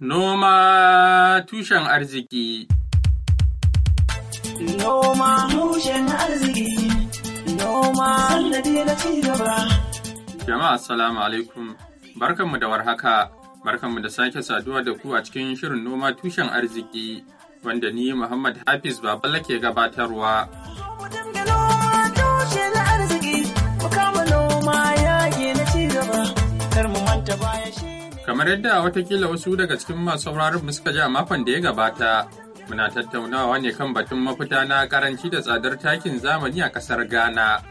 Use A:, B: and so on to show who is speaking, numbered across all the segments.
A: Noma tushen arziki
B: Noma tushen arziki Noma sannadi na cigaba
A: Jama'a Salamu alaikum barkanmu da warhaka barkanmu da sake saduwa da ku a cikin shirin noma tushen arziki wanda ni Muhammad Hafiz Babala ke gabatarwa
B: Kar mu manta baya
A: Kamar yadda watakila wasu daga cikin masu sauraron suka ji a makon da ya gabata, muna tattaunawa ne kan batun mafita na karanci da tsadar takin zamani a kasar Ghana.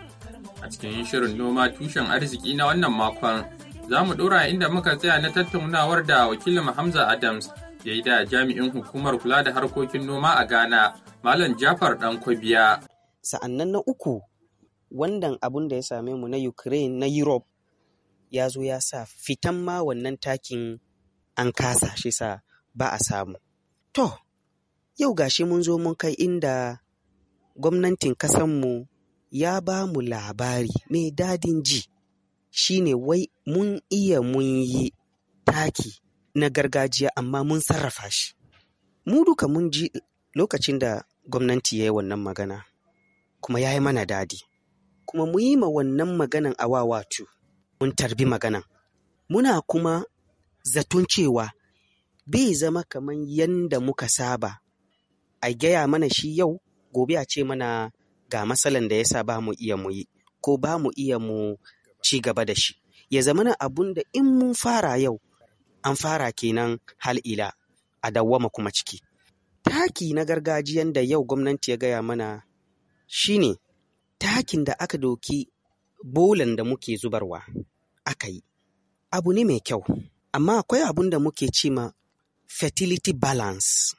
A: A cikin shirin noma tushen arziki na wannan makon, za mu ɗora inda muka tsaya na tattaunawar da wakilin Hamza Adams ya yi da jami'in hukumar kula da harkokin noma a Ghana, Malam Jafar Ɗankobiya.
B: Sa'annan na uku, wannan abun da ya same mu na Ukraine na Europe ya zo ya sa fitan ma wannan takin an kasa shi sa ba a samu. To, yau gashi mun zo mun kai inda gwamnatin kasanmu ya ba mu labari mai dadin ji shine wai mun iya mun yi taki na gargajiya amma mun sarrafa shi. Mu duka mun ji lokacin da gwamnati ya yi wannan magana, kuma ya yi mana dadi, kuma mu yi ma wannan maganan awawatu. mun tarbi magana Muna kuma zaton cewa bi zama kamar yanda muka saba a gaya mana shi yau gobe a ce mana ga matsalan da yasa ba mu iya mu yi ko ba mu iya mu ci gaba da shi ya zamana abun da in mun fara yau an fara kenan hal ila a dawwama kuma ciki taki na gargajiyan da yau gwamnati ya gaya mana shi ne takin da aka doki bolan da muke zubarwa aka yi abu ne mai kyau amma akwai abun da muke ce ma fertility balance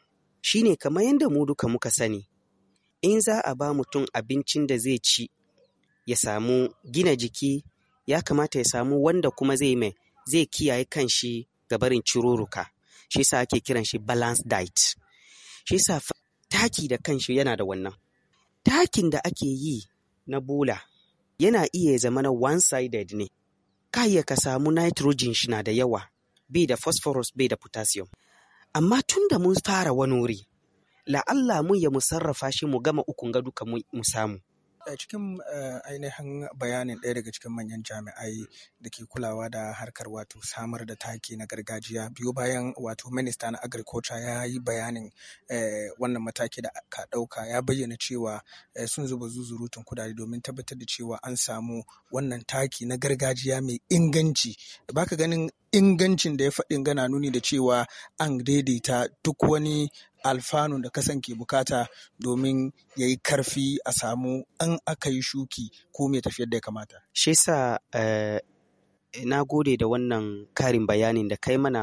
B: shi ne kamar yadda mu duka muka sani in za a ba mutum abincin da zai ci ya samu gina jiki ya kamata ya samu wanda kuma zai mai zai kiyaye kanshi ga barin ciruruka shi sa ake kiran shi balance diet shi sa taki da kanshi yana da wannan takin da ake yi na bola. yana iya zama na one-sided ne. Ka ka samu nitrogen shi na da yawa, bi da phosphorus bai da potassium. Amma tun da mun fara wani wuri, la'alla mun ya mu sarrafa shi mu gama ukun ga duka mu samu. A cikin eh, ainihin bayanin ɗaya daga cikin manyan jami'ai da ke kulawa da harkar wato samar da taki na gargajiya biyu bayan wato minista na agriculture ya yi bayanin eh, wannan mataki da aka ɗauka ya bayyana cewa eh, sun zuba zuzurutun kudade domin tabbatar da cewa an samu wannan taki na gargajiya mai inganci. Baka ganin ingancin da ya faɗin gana nuni da cewa an daidaita duk wani alfanu da kasan ke bukata domin ya yi karfi a samu an aka yi shuki ko mai tafiyar da ya kamata. Shi sa eh, na gode da wannan karin bayanin da kai mana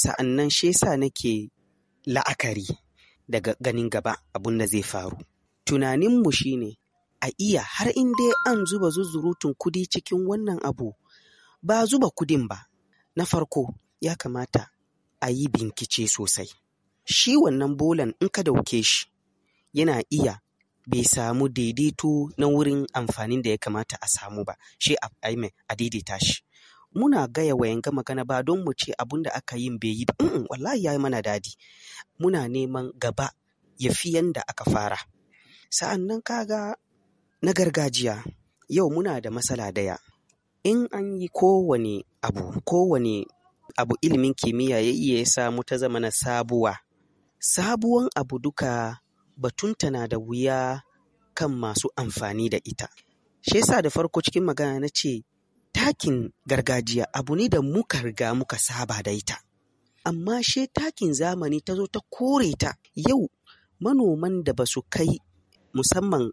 B: sa'annan shesa shi sa nake la'akari daga ganin gaba abun da zai faru. Tunaninmu shi ne a iya har in dai an zuba zuzurutun kudi cikin wannan abu ba zuba kudin ba na farko ya kamata a yi bincike sosai shi wannan bolan in ka dauke shi yana iya bai samu daidaito na wurin amfanin da ya kamata a samu ba shi a a daidaita shi muna gaya wa yanga magana ba don mu ce abun da aka yin bai yi ba wallahi ya yi mana dadi muna neman gaba ya fi yanda aka fara sa'an nan kaga na gargajiya yau muna da matsala daya in an yi kowane abu kowane abu ilimin kimiyya ya iya ya samu ta zamana sabuwa sabuwan abu duka batunta na da wuya kan masu amfani da ita shi yasa da farko cikin magana na ce takin gargajiya abu ne da muka riga muka saba da ita amma shi takin zamani ta zo ta kore ta yau manoman da ba su kai musamman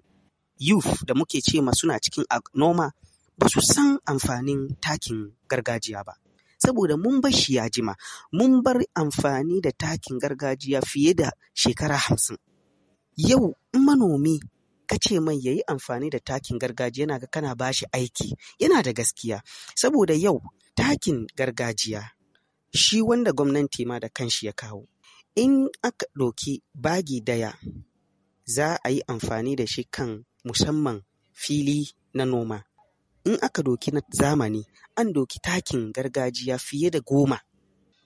B: youth da muke ce suna cikin noma ba su san amfanin takin gargajiya ba. Saboda mun bar shi ya jima, mun bar amfani da takin gargajiya fiye da shekara hamsin. Yau manomi ka ce mai ya yi amfani da takin gargajiya yana ga kana bashi aiki yana da gaskiya saboda yau takin gargajiya shi wanda gwamnati ma da kanshi ya kawo in aka ɗauki bagi daya za a yi amfani da shi kan musamman fili na noma in aka doki na zamani an doki takin gargajiya fiye da goma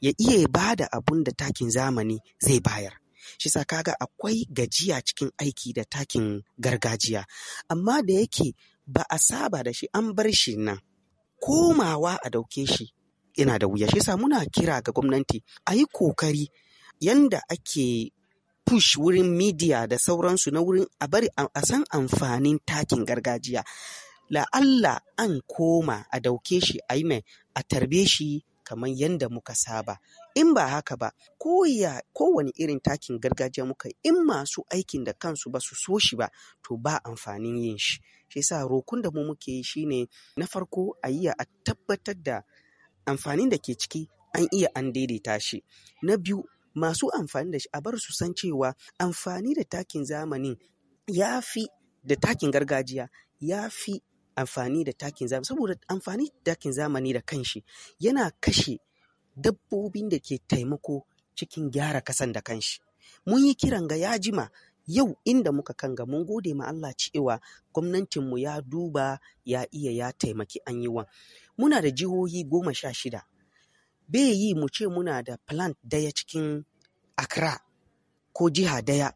B: ya iya ba da abun da takin zamani zai bayar shi sa kaga akwai gajiya cikin aiki da takin gargajiya amma da yake ba a saba da shi an bar shi nan komawa a dauke shi yana da wuya shi sa muna kira ga gwamnati a yi kokari yanda ake push wurin media da sauransu na wurin a bari a san amfanin takin gargajiya la'allah an koma a dauke shi a yi mai a tarbe shi kamar yadda muka saba in ba haka ba kowane irin takin gargajiya muka in masu aikin da kansu ba su so shi ba to ba amfanin yin shi shi sa rokun da mu muke yi shine na farko a yi a tabbatar da amfanin da ke ciki an iya an daidaita shi na biyu masu amfani da shi a bar su san cewa amfani da takin zamanin ya fi da takin gargajiya ya fi amfani da takin zamani saboda amfani da takin zamani da kanshi yana kashe dabbobin da ke taimako cikin gyara kasan da kanshi mun yi kiran ga ya jima yau inda muka kan ga mun gode ma Allah cewa gwamnatinmu ya duba ya iya ya taimaki an yi wa muna da jihohi goma sha shida bai yi mu ce muna da plant daya cikin Accra ko jiha daya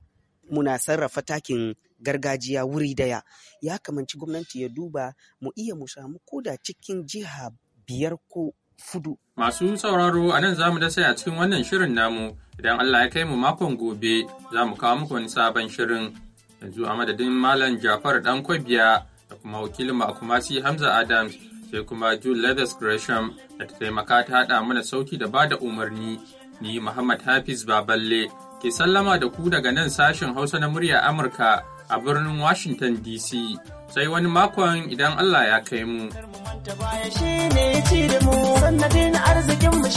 B: muna sarrafa takin gargajiya wuri daya ya kamanci gwamnati ya duba mu iya mu samu koda cikin jiha biyar ko fudu.
A: Masu sauraro a nan za mu dasa a cikin wannan shirin namu idan Allah ya kai mu makon gobe za mu kawo muku wani sabon shirin yanzu a madadin Malam Jafar Dan Kwabiya da kuma wakilin Makumasi Hamza Adams sai kuma Jude Leathers Gresham da ta taimaka ta haɗa mana sauki da bada umarni ni Muhammad Hafiz Baballe ke sallama da ku daga nan sashen Hausa na murya Amurka a birnin Washington DC. Sai wani makon idan Allah ya kai
B: mu.